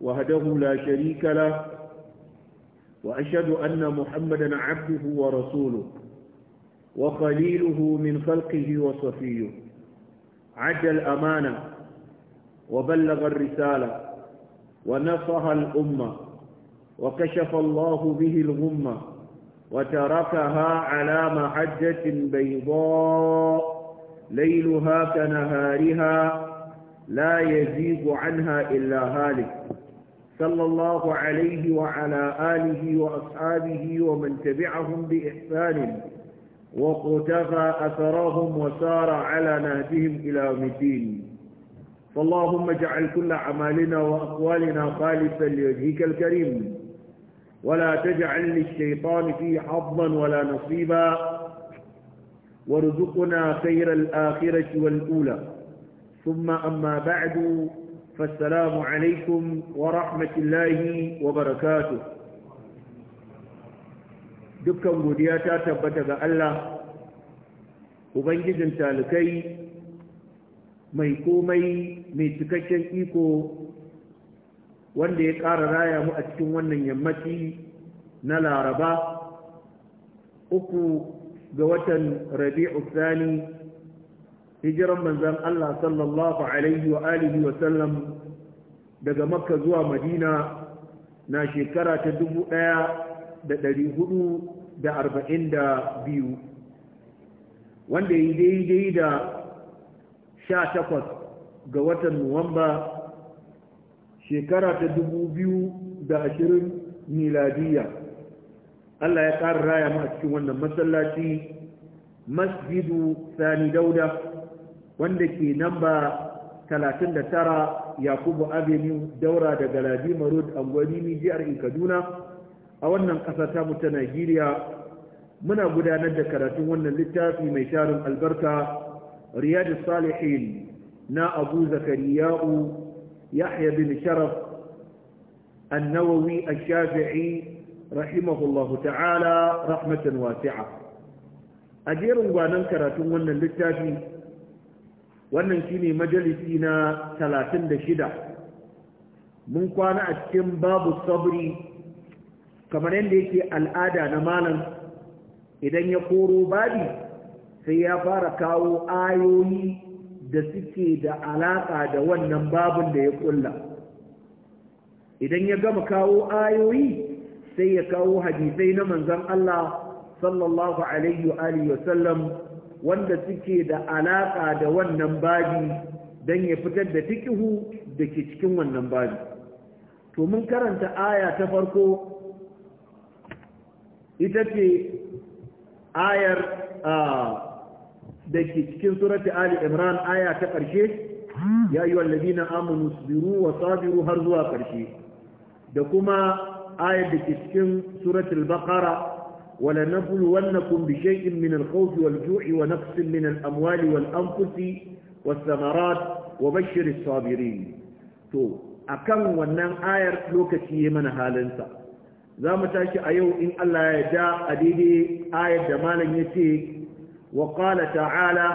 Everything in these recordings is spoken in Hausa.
وهده لا شريك له وأشهد أن محمدا عبده ورسوله وخليله من خلقه وصفيه عد الأمانة وبلغ الرسالة ونصها الأمة وكشف الله به الغمة وتركها على محجة بيضاء ليلها كنهارها لا يزيغ عنها إلا هالك صلى الله عليه وعلى آله وأصحابه ومن تبعهم بإحسان وقتفى أثرهم وسار على نهجهم إلى مدين فاللهم اجعل كل أعمالنا وأقوالنا خالصا لوجهك الكريم ولا تجعل للشيطان فيه حظا ولا نصيبا وارزقنا خير الآخرة والأولى ثم أما بعد فالسلام عليكم ورحمة الله وبركاته ta tabbata ga allah ubangijin talikai mai komai mai cikakken iko wanda ya ƙara raya mu a cikin wannan yammaci na laraba uku ga watan rabi'u sani hijiran manzan Allah sallallahu alaihi wa alihi wa sallam daga makka zuwa madina na shekara ta dubu ɗaya da ɗari hudu da arba'in da biyu wanda yi daidai da sha takwas ga watan nuwamba shekara ta dubu biyu da ashirin miladiya Allah ya ƙara raya mu a cikin wannan masallaci masjidu sani dauda wanda ke namba 39 yakubu avenue daura da galadima road angwanimi jihar kaduna a wannan ƙasa ta mu ta najeriya muna gudanar da karatun wannan littafi mai sharin albarka riyadu salihin na abu zakariya'u yahya bin sharaf annawawi a shafii rahimahullahu ta'ala rahmatan wasi'a a jerin gwanan karatun wannan littafi wannan shine majalisi na 36 mun kwana a cikin babu sabri kamar yadda yake al'ada na malam idan ya koro babi sai ya fara kawo ayoyi da suke da alaƙa da wannan babin da ya kulla idan ya gama kawo ayoyi sai ya kawo hadisai na manzon Allah sallallahu alaihi wa sallam wanda suke da alaƙa da wannan babi don ya fitar da tikihu da ke cikin wannan babi to mun karanta aya ta farko ita ce ayar da ke cikin surati ali imran aya ta ƙarshe ya yi wallabi na amonu biru wa sabiru har zuwa ƙarshe da kuma ayar da ke cikin suratul baqara ولنبلونكم بشيء من الخوف والجوع ونقص من الأموال والأنفس والثمرات وبشر الصابرين تو أكم ونن آير لوكتي من هالنسا زام تاشي أيو إن الله يجاء أديدي آية دمالا يتيك وقال تعالى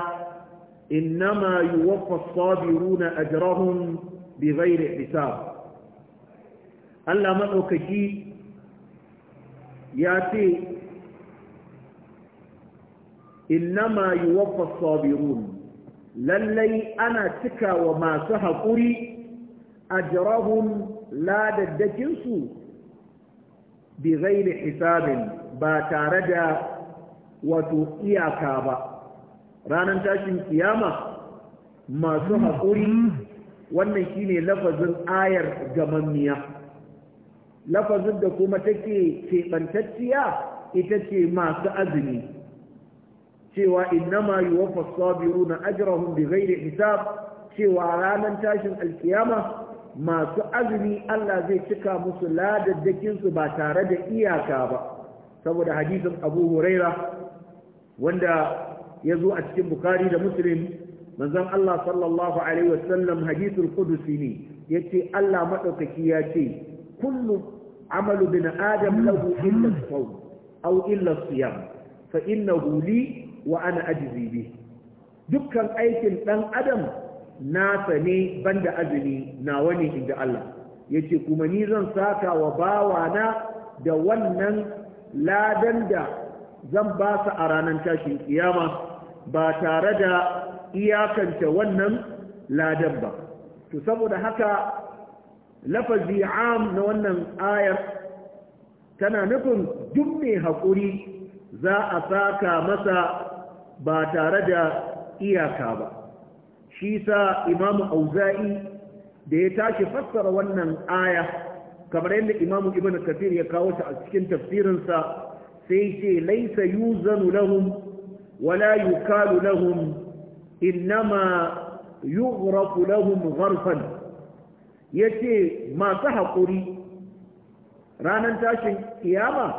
إنما يوفى الصابرون أجرهم بغير حساب Allah maɗaukaki ya ce innama yuwaffa sabirun lallai ana cika wa masu haƙuri a jarahun ladaddakinsu bi ghairi hisabin ba tare da wato iyaka ba ranar tashin kiyama masu mm. haƙuri wannan shine lafazin ayar gamammiya lafazin da kuma take keɓantacciya ita ce masu azumi cewa innama yuwaffa sabiruna ajrahum bighairi hisab cewa ranar tashin alkiyama masu azumi Allah zai cika musu ladaddakin su ba tare da iyaka ba saboda hadisin Abu Huraira wanda ya zo a cikin Bukhari da Muslim manzon Allah sallallahu alaihi wasallam hadisul qudusi ne yace Allah madaukaki ya ce kullu amalu bin adam lahu illa sawm aw illa siyam fa innahu li wa ana ajizi bi dukkan aikin dan adam nasa ne banda azumi nawa ne inda Allah yace kuma ni zan saka wa bawana da wannan ladan da zan ba su a ranar tashin kiyama ba tare da iyakanta wannan ladan ba to saboda haka lafazi am na wannan ayar tana nufin duk mai haƙuri za a saka masa ba tare da iyaka ba shi sa imamu auza'i da ya tashi fassara wannan aya kamar yadda imamu ibn kafir ya kawo ta a cikin tafsirinsa sai ce laisa yuzanu lahum wala yukalu lahum innama yughrafu lahum gharfan yace masu haƙuri ranar tashin kiyama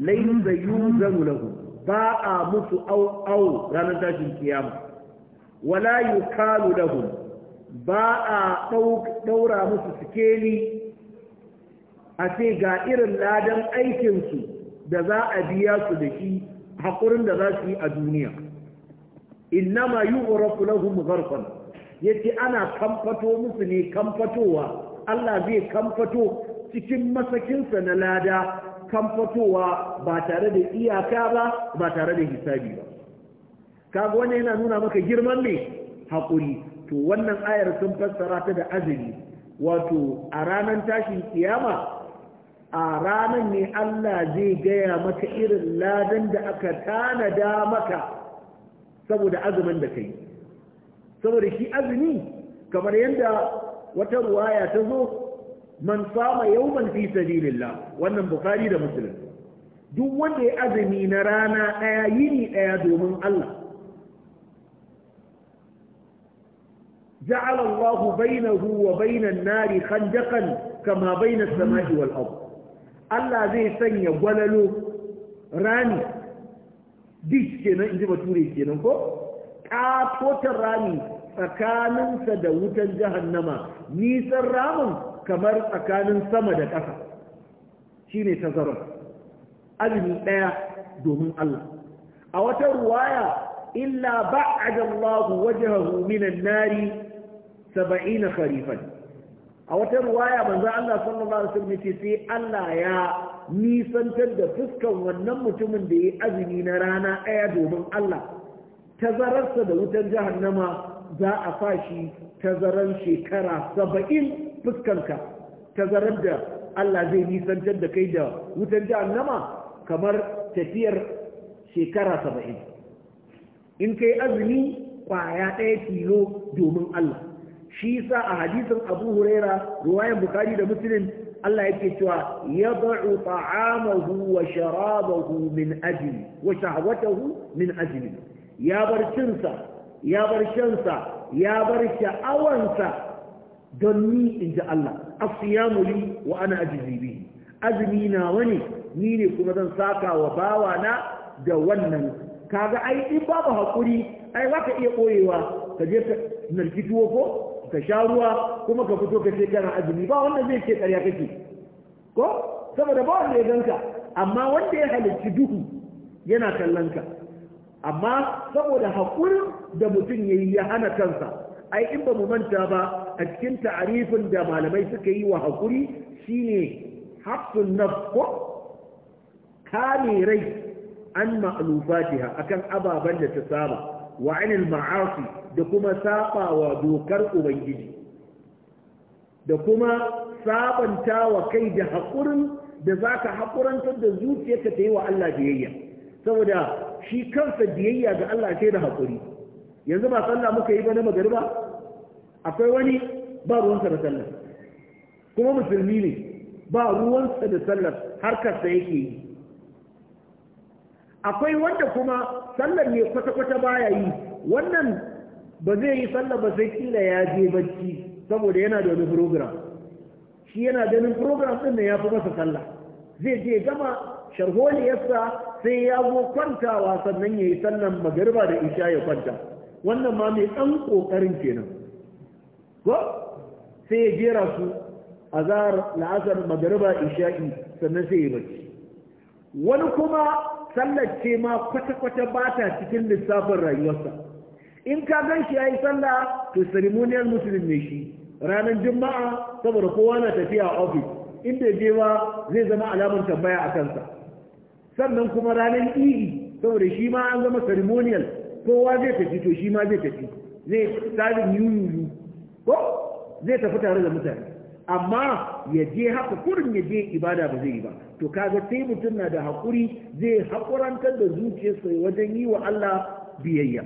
laisa yuzanu lahum ba a mutu au au ranar tashin kiyama wala yukalu lahum ba a daura musu sikeli a ce ga irin ladan aikinsu da za a biya su da shi haƙurin da za su yi a duniya innama yu'rafu lahum gharqan yace ana kamfato musu ne kamfatowa Allah zai kamfato cikin masakinsa na lada kamfatowa ba tare da iyaka ba ba tare da hisabi ba kaga wannan yana nuna maka girman ne haƙuri to wannan ayar sun fassara ta da azumi wato a ranar tashin kiyama a ranar ne Allah zai gaya maka irin ladan da aka tanada maka saboda azumin da kai saboda shi azumi kamar yadda wata ruwaya ta zo man sama yawman fi sabilillah wannan bukhari da muslim duk wanda ya azumi na rana daya yini daya domin Allah baina الله baina nari النار خندقا كما بين السماء والأرض Allah zai sanya gwalalo rami dish kenan in ji bature kenan ko katotar rami tsakaninsa da wutan jahannama nisan ramin kamar tsakanin sama da ƙasa ne tazarar azumi ɗaya domin Allah a wata ruwaya illa ba'ada Allah wajhahu minan nari 70 kharifan a wata ruwaya manzo Allah sallallahu alaihi wasallam ce sai Allah ya nisantar da fuskan wannan mutumin da yayi azumi na rana ɗaya domin Allah tazararsa da wutar jahannama za a fashi tazaran shekara saba'in fuskanka zarar da Allah zai nisantar da kai da wutan jahannama kamar tafiyar shekara saba'in in kai azumi kwaya ɗaya tilo domin Allah shi sa a hadisin abu huraira ruwayan bukari da musulun, Allah yake cewa ya ba'u ta'amahu wa sharabahu min ajli wa shahwatahu min ajli ya bar cinsa ya bar shansa ya bar sha'awansa don ni in ji Allah asiyamu li wa ana ajizi bi azumi na wani ni ne kuma zan saka wa bawa na da wannan kaga ai in babu hakuri ai ka iya koyewa ka je ka narki tuwo ko ka sha ruwa kuma ka fito ka ce kana azumi ba wanda zai ce ƙarya kake ko saboda ba wanda ya ganka amma wanda ya halicci duhu yana kallon ka amma saboda hakurin da mutum ya yi ya hana kansa ai in ba mu manta ba a cikin ta'arifin da malamai suka yi wa hakuri shine na nafko kame rai an ma'alufatiha akan ababen da ta saba wa anil da kuma saba wa dokar ubangiji da kuma sabanta wa kai da haƙurin da za ka haƙurantar da zuciyarka ta yi wa Allah biyayya saboda shi kansa biyayya ga Allah sai da haƙuri yanzu ba sallah muka yi ba na magariba akwai wani ba ruwansa da sallar kuma musulmi ne ba ruwansa da sallar harkarsa yake yi akwai wanda kuma sallar ne kwata-kwata baya yi wannan ba zai yi sallar ba sai kila ya je bacci saboda yana da wani program shi yana da wani program din da ya fi masa sallah zai je gama yasa sai ya zo kwantawa sannan ya yi sallar, magariba da isha ya kwanta wannan ma mai ɗan ƙoƙarin kenan ko sai ya jera su azhar la'asar magariba isha'i sannan sai ya bacci wani kuma sallar ce ma kwata-kwata ba ta cikin lissafin rayuwarsa in ka gan shi ya yi sallah to ceremonial muslim ne shi ranar juma'a saboda kowa na tafiya a ofis in bai je ba zai zama alamar tambaya a kansa sannan kuma ranar iri, saboda shi ma an zama ceremonial kowa zai tafi to shi ma zai tafi zai tsarin yuyuyu ko zai tafi tare da mutane amma ya je haka kurin ya je ibada ba zai yi ba to kaga sai mutum na da haƙuri zai haƙurantar da zuciyarsa wajen yi wa Allah biyayya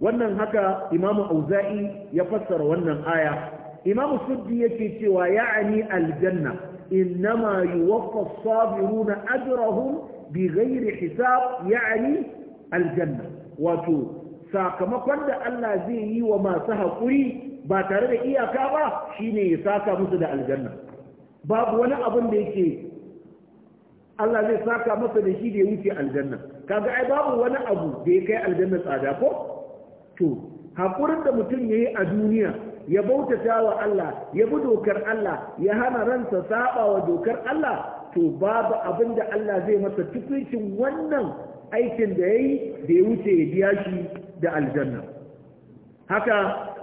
wannan haka imamu auza'i ya fassara wannan aya imamu suddi yake cewa ya'ani aljanna innama yuwaffa as-sabiruna ajrahum bighairi hisab ya'ani aljanna wato sakamakon da Allah zai yi wa masu haƙuri ba tare da iyaka ba shine ya saka musu da aljanna babu wani abin da yake Allah zai saka masa da shi da ya wuce aljanna kaga ai babu wani abu da ya kai aljanna tsada ko to hakurin da mutum yayi a duniya ya bautata wa Allah ya bi dokar Allah ya hana ransa saba wa dokar Allah to babu abin da Allah zai masa tukuncin wannan aikin da yayi da ya wuce ya biya shi da aljanna haka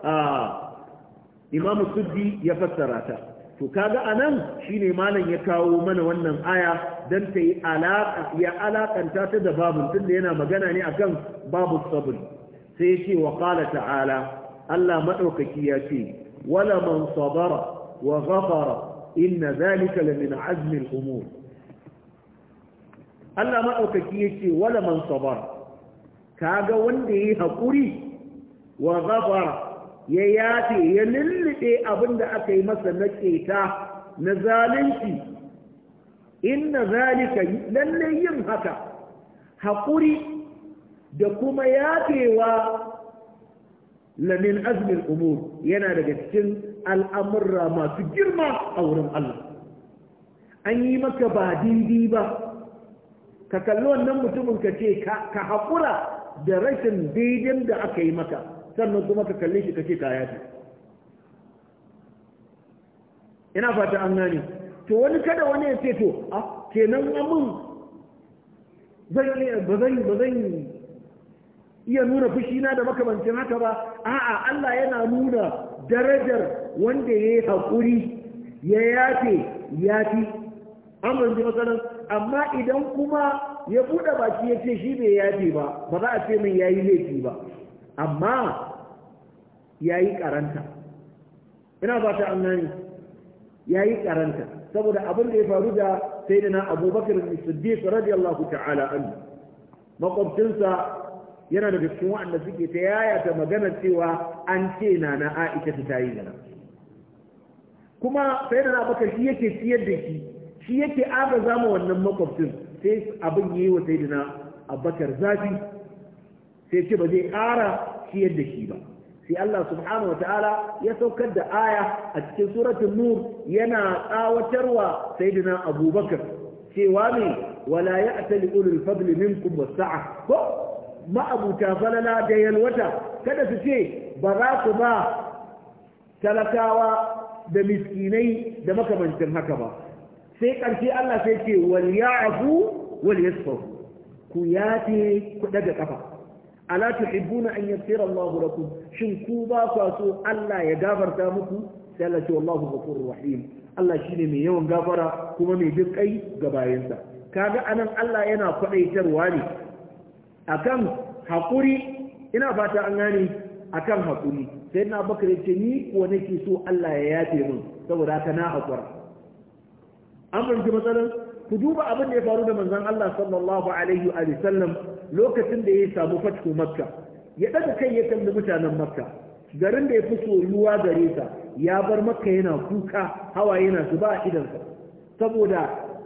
ah, imam suddi ya fassara ta to kaga anan shine malam ya kawo mana wannan aya dan ta yi alaka ya alakanta ta da babun tunda yana magana ne akan babu sabul sai ya ce wa qala ta'ala Allah madaukaki ya ce wala man sabara wa ghafara inna zalika lamin azmi al-umur Allah madaukaki ce wala man sabara kaga wanda yayi hakuri wa ghafara ya yafe ya lilla. lullube abin da aka yi masa na keta na zalunci inna zalika lalle yin haka haƙuri da kuma yafewa lamin azmin umur yana daga cikin al'amurra masu girma a wurin Allah an yi maka ba dindi ba ka kalli wannan mutumin ka ce ka haƙura da rashin daidin da aka yi maka sannan kuma ka kalli shi ka ce ka yafi ina fata an gane to wani kada wani ya ce to a ah, kenan amin zan yi ba zan iya nuna fushi na da makamancin haka ba a'a Allah yana nuna darajar wanda yi hakuri ya yafe yafi amman ji matsalan amma idan kuma ya bude baki ya ce shi bai yafe ba ba za a ce min yayi laifi ba amma yayi karanta ina ba ta gani. ya yi karanta saboda abin da ya faru da sai da na abubakar siddiq radiyallahu ta'ala an makwabcinsa yana da cikin wa'anda suke ta yaya ta magana cewa an ce na na aisha ta yi gana kuma sai da na abubakar shi yake ciyar da shi shi yake aka ma wannan makwabcin sai abin yi wa sai da na abubakar zafi sai ce ba zai ƙara ciyar da shi ba sai Allah subhanahu wa ta'ala ya saukar da aya a cikin suratul nur yana tsawatarwa sayyidina abubakar cewa ne wala ya'tali ulul fadli minkum was-sa'a ko ma'abuta falala da yalwata kada su ce ba za ku ba talakawa da miskinai da makamancin haka ba sai ƙarshe Allah sai ce wal ya'fu wal yasfahu ku yafe ku daga kafa ala tuhibbuna an yaghfira Allahu lakum shin ku ba ku so Allah ya gafarta muku sai Allah ce wallahu ghafurur rahim Allah shine mai yawan gafara kuma mai duk kai ga bayansa kaga anan Allah yana kwadaitarwa ne akan hakuri ina fata an gane akan hakuri sai na bakar ce ni ko nake so Allah ya yafe min saboda haka na hakura an fahimci matsalar ku duba abin da ya faru da manzon Allah sallallahu alaihi wa sallam lokacin da ya samu fatko makka ya daga kai ya kalli mutanen makka garin da ya fi soyuwa gare sa ya bar makka yana kuka hawa yana zuba a idansa saboda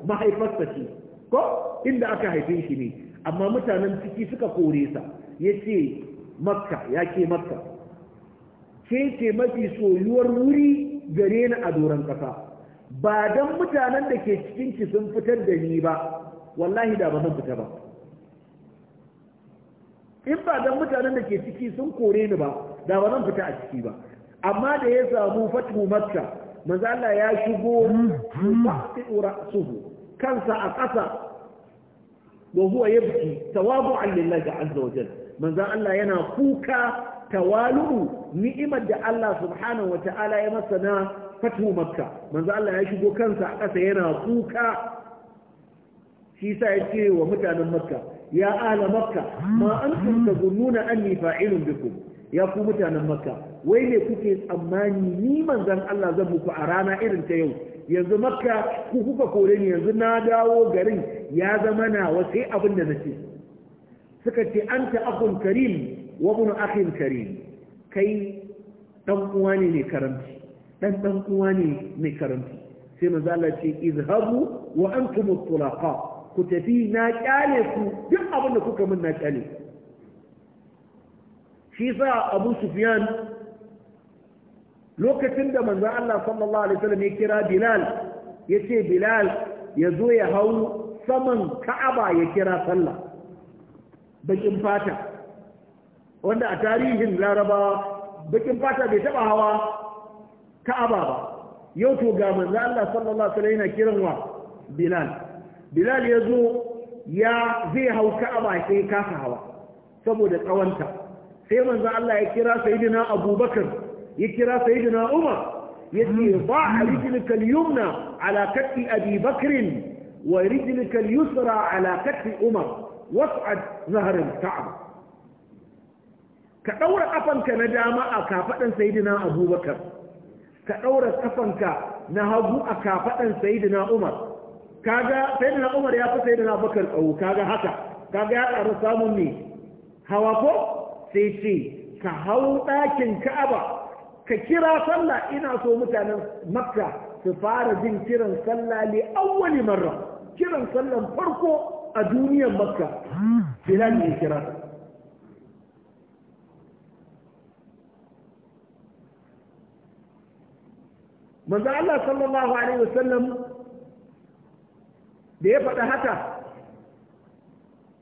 mahaifarsa ce ko inda aka haife shi ne amma mutanen ciki suka kore sa ya ce makka ya ke makka ke ce mafi soyuwar wuri gare na a doron ƙasa ba don mutanen da ke cikin ki sun fitar da ni ba wallahi da ba zan fita ba in ba dan mutanen da ke ciki sun kore ni ba da ba zan fita a ciki ba amma da ya samu fatu makka manzo Allah ya shigo ra'suhu kansa a ƙasa wa huwa yabki tawadu'an lillahi azza wa jalla manzo Allah yana kuka tawalu ni'imar da Allah subhanahu wa ta'ala ya masa na fatu makka manzo Allah ya shigo kansa a ƙasa yana kuka shi sa ya ce wa mutanen makka ya ala makka ma antum tazunnuna anni fa'ilun bikum ya fi mutanen makka wai ne kuke tsammani ni manzon Allah zan muku a rana irin ta yau yanzu makka ku kuka kore ni yanzu na dawo garin ya zama nawa sai abin da nace suka ce anta akhun karim wa ibn akhin karim kai dan uwa ne mai karamci sai manzo Allah izhabu wa antum tulaqa ku tafi na kyale ku duk abin da kuka min na kyale shi sa abu sufyan lokacin da manzo Allah sallallahu alaihi wasallam ya kira bilal yace bilal ya zo ya hau saman ka'aba ya kira sallah bakin fata wanda a tarihin larabawa bakin fata bai taba hawa ka'aba ba yau to ga manzo Allah sallallahu alaihi wasallam yana kiran bilal bilal ya zo ya zai hau ka'aba sai ya kasa hawa saboda tsawonta sai manzo Allah ya kira sayyidina abubakar ya kira sayyidina umar ya ce ba a rijilika yumna ala katti abi bakrin wa rijilika yusra ala katti umar was'ad zaharin ka'aba ka ɗaura ƙafanka na dama a kafaɗan sayidina abubakar ka ɗaura ƙafanka na hagu a kafaɗan sayidina umar kaga sai da umar ya fi sai da bakar tsawo kaga haka kaga ya karu samun ne hawa ko sai ce ka hau ɗakin ka'aba ka kira sallah ina so mutanen makka su fara jin kiran sallah li awwali marra kiran sallan farko a duniyar makka bilal ne kira manzo Allah sallallahu alaihi wasallam da ya faɗa haka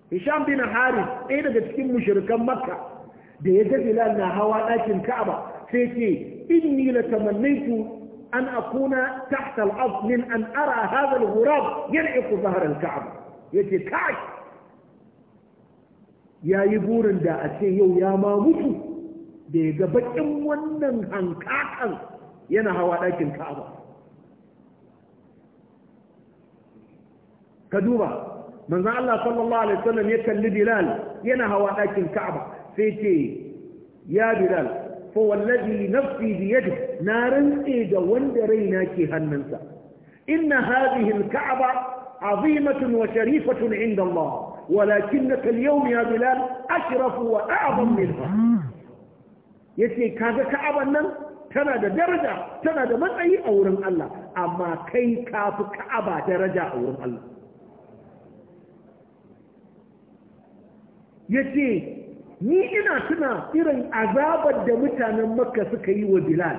hisham bin haris ɗaya daga cikin mushrikan makka da ya ga bilal na hawa ɗakin ka'aba sai ce inni la tamannaitu an akuna tahta al-ard min an ara hadha al-ghurab yan'iqu zahr al-ka'aba yace kai yayi burin da a ce yau ya ma mutu da ya ga bakin wannan hankakan yana hawa ɗakin ka'aba ka duba manzon Allah sallallahu alaihi wasallam ya kalli Bilal yana hawa ɗakin Ka'aba sai ce ya Bilal fa wallazi nafsi bi yadi na rantse da wanda raina ke hannunsa inna hadhihi al-Ka'aba azimatun wa sharifatun inda Allah ولكنك ya bilal بلال أشرف وأعظم منها yace kaga ka'aban nan tana da daraja tana da matsayi a wurin Allah amma kai kafi ka'aba daraja a wurin Allah ya ce ni ina tuna irin azabar da mutanen makka suka yi wa bilal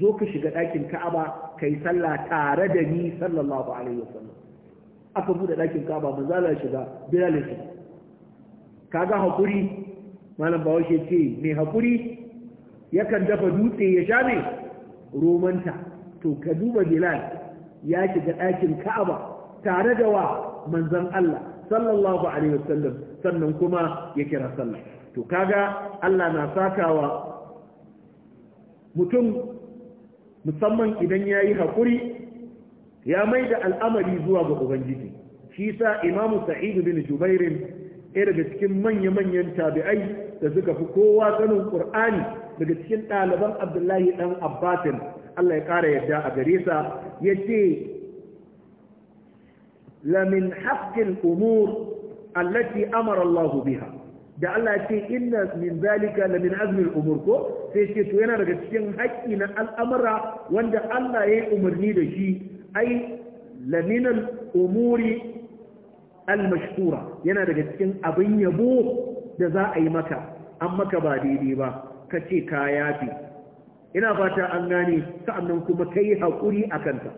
zo ka shiga ɗakin ka'aba ka yi sallah tare da ni sallallahu alaihi wasallam aka buɗe ɗakin ka'aba manzala shiga bilal ya shiga kaga haƙuri malam bahaushe ce mai hakuri? yakan dafa dutse ya sha mai romanta to ka duba bilal ya shiga ɗakin ka'aba tare da wa manzan Allah sallallahu alaihi wasallam sannan kuma ya kira sallah to kaga Allah na sakawa mutum musamman idan ya yi ya mai da al'amari zuwa ga Ubangiji shi sa imamu sa'idu bin jubairin ɗaya daga cikin manya-manyan tabi'ai da suka fi kowa ganin ƙur'ani daga cikin ɗaliban abdullahi ɗan abbasin Allah ya ƙara yadda a gare sa ya ce lamin haqqil umur allati amara Allah biha da Allah ya ce inna min zalika lamin azmil umur ko sai ce to yana daga cikin haƙƙi na al'amara wanda Allah ya yi umarni da shi ai lamin umuri al-mashkura yana daga cikin abin yabo da za a yi maka an maka ba daidai ba ka ce ka yafi ina fata an gane sa'annan kuma kai haƙuri a kanta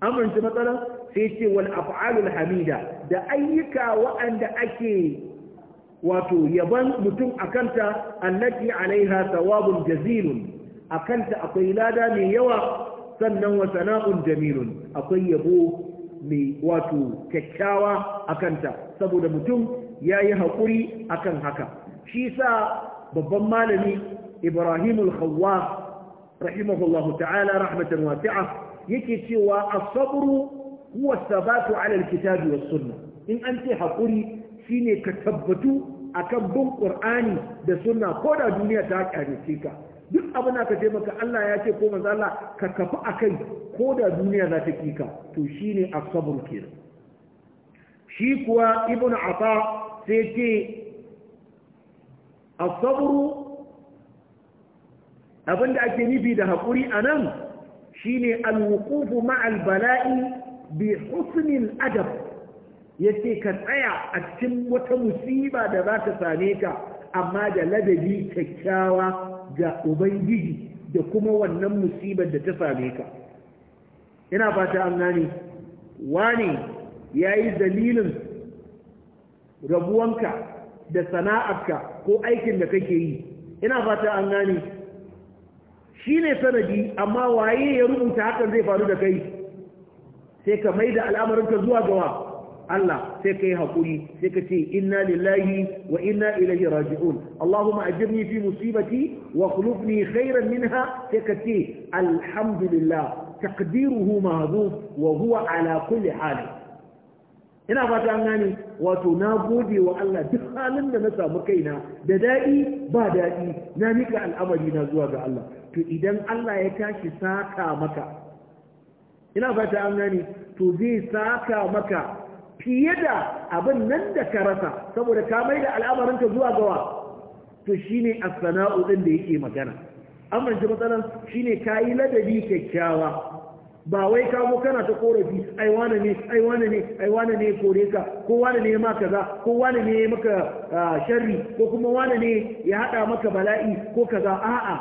amince matsala sai ce wal af'alul hamida da ayyuka waɗanda ake wato yaban mutum akanta allati alaiha thawabun jazilun akanta akwai lada mai yawa sannan wa sana'un jamilun akwai yabo mai wato kyakkyawa akanta saboda mutum yayi hakuri akan haka shi sa babban malami Ibrahimul Khawwas rahimahullahu ta'ala rahmatan wasi'a yake cewa asabru huwa sabatu ala alkitabi was sunna in an ce hakuri shine ka tabbatu akan bin qur'ani da sunna ko da duniya ta kare ka duk abin da ka ce maka Allah ya ce ko manzo Allah ka kafi akai ko da duniya za ta kika to shine asabur kenan shi kuwa ibnu ata sai ce abin abinda ake nufi da haƙuri a nan shine alwuqufu ma'al bala'i bi husnil adab yace ka tsaya a cikin wata musiba da za ta same ka amma da ladabi kyakkyawa ga ubangiji da kuma wannan musibar da ta same ka ina fata an gane wani yayi dalilin rabuwanka da sana'arka ko aikin da kake yi ina fata an gane shi ne sanadi amma waye ya rubuta hakan zai faru da kai sai ka mai da al'amarinka zuwa gawa Allah sai ka yi haƙuri sai ka ce inna lillahi wa ina ilahi raji'un Allahumma ajirni fi musibati wa khulufni khairan minha sai ka ce alhamdulillah taqdiruhu mahdhuf wa huwa ala kulli hal ina fata an gane wato na gode wa Allah duk halin da na samu kaina da daɗi ba daɗi na mika al'amari na zuwa ga Allah to idan Allah ya tashi saka maka ina fata an gani to zai saka maka fiye da abin nan da ka rasa saboda ka mai da al'amarinka zuwa gawa to shine as-sana'u ɗin da yake magana amma shi matsalan shine kayi ladabi kyakkyawa ba wai ka zo kana ta korafi ai wane ne ai wane ne ai wane ne kore ka ko wane ne ma kaza ko wane ne maka sharri ko kuma wane ne ya hada maka bala'i ko kaza a'a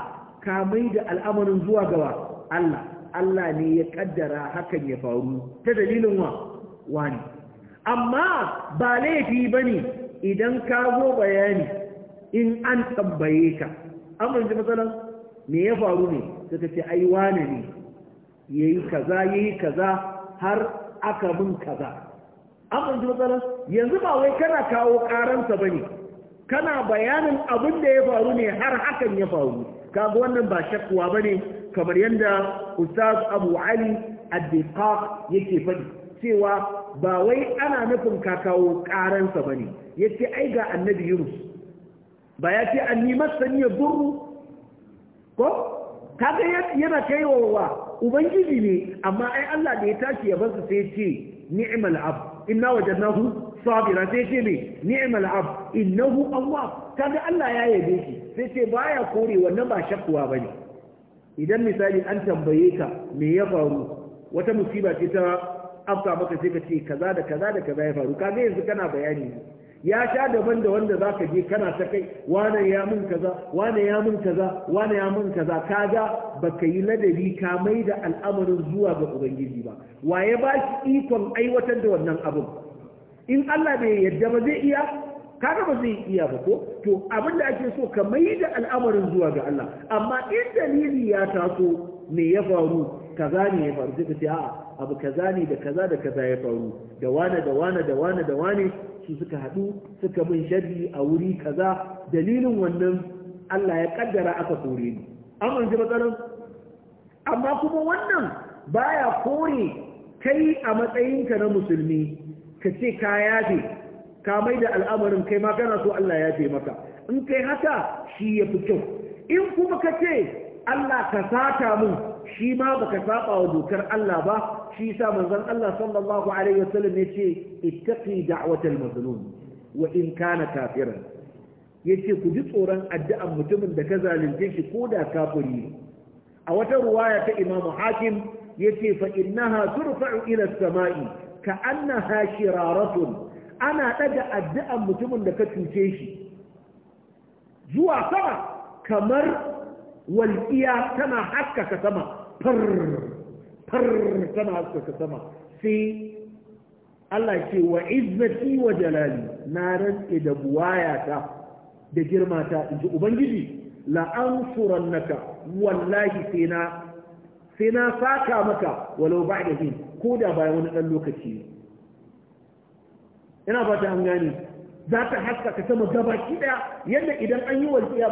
ka mai da al'amarin zuwa gawa Allah Allah ne ya kaddara hakan ya faru ta dalilin wa wani amma ba laifi bane idan ka zo bayani in an tambaye ka amma ji matsalan me ya faru ne suka ce ai wani ne yayi kaza yayi kaza har aka bin kaza amma ji matsalan yanzu ba wai kana kawo karansa bane kana bayanin abin da ya faru ne har hakan ya faru kaga wannan ba shakkuwa bane kamar yadda ustaz abu ali addiqaq yake faɗi cewa ba wai ana nufin kakawo karansa ba ne ya ce ai ga annabi yunus ba ya ce an nimar sanya burru ko kaga yana kaiwa ubangiji ne amma ai allah da ya tashi ya bansa sai ce ni'mal ab inna wajannahu sabira sai ce ne ni'mal ab innahu awwab kaga allah ya yabe shi sai ce baya kore wannan ba shakkuwa bane idan misali an tambaye ka me ya faru wata musiba ce ta afka maka sai ka ce kaza da kaza da kaza ya faru kaga yanzu kana bayani ya sha daban da wanda za ka je kana ta kai wane ya mun kaza wane ya mun kaza wane ya mun kaza kaga ka yi ladabi ka mai da al'amarin zuwa ga ubangiji ba waye ba shi ikon aiwatar da wannan abin in Allah bai yarda ba zai iya kaga ba zai iya ba ko to abin da ake so ka mai da al'amarin zuwa ga Allah amma in dalili ya taso me ya faru kaza ne ya faru duka sai a'a abu kaza ne da kaza da kaza ya faru da wane da wane da wane da wane su suka haɗu suka bin sharri a wuri kaza dalilin wannan Allah ya kaddara aka kore ni an ji matsalar amma kuma wannan baya kore kai a matsayinka na musulmi ka ce ka yafe ka mai da al'amarin kai ma kana so Allah ya ce maka in kai haka shi ya fi kyau in kuma ka ce Allah ka sata mun shi ma baka saba wa dokar Allah ba shi yasa manzon Allah sallallahu alaihi wasallam ya ce ittaqi da'watal mazlum wa in kana kafiran yace ku ji tsoron addu'an mutumin da ka zalunce shi ko da kafiri a wata ruwaya ta Imam Hakim yace fa innaha turfa'u ila as-sama'i hashi shiraratun ana ɗaga addu'an mutumin da ka cuce shi zuwa sama kamar walƙiya tana haskaka sama far tana haskaka sama sai Allah ce wa izzati wa jalali na rantse da buwayata da girmata in ji Ubangiji la'ansuran naka wallahi sai na saka maka walau ba da ko da bayan wani ɗan lokaci ina ba ta an gane za ta haskaka sama gabaki daya yadda idan an yi walƙiya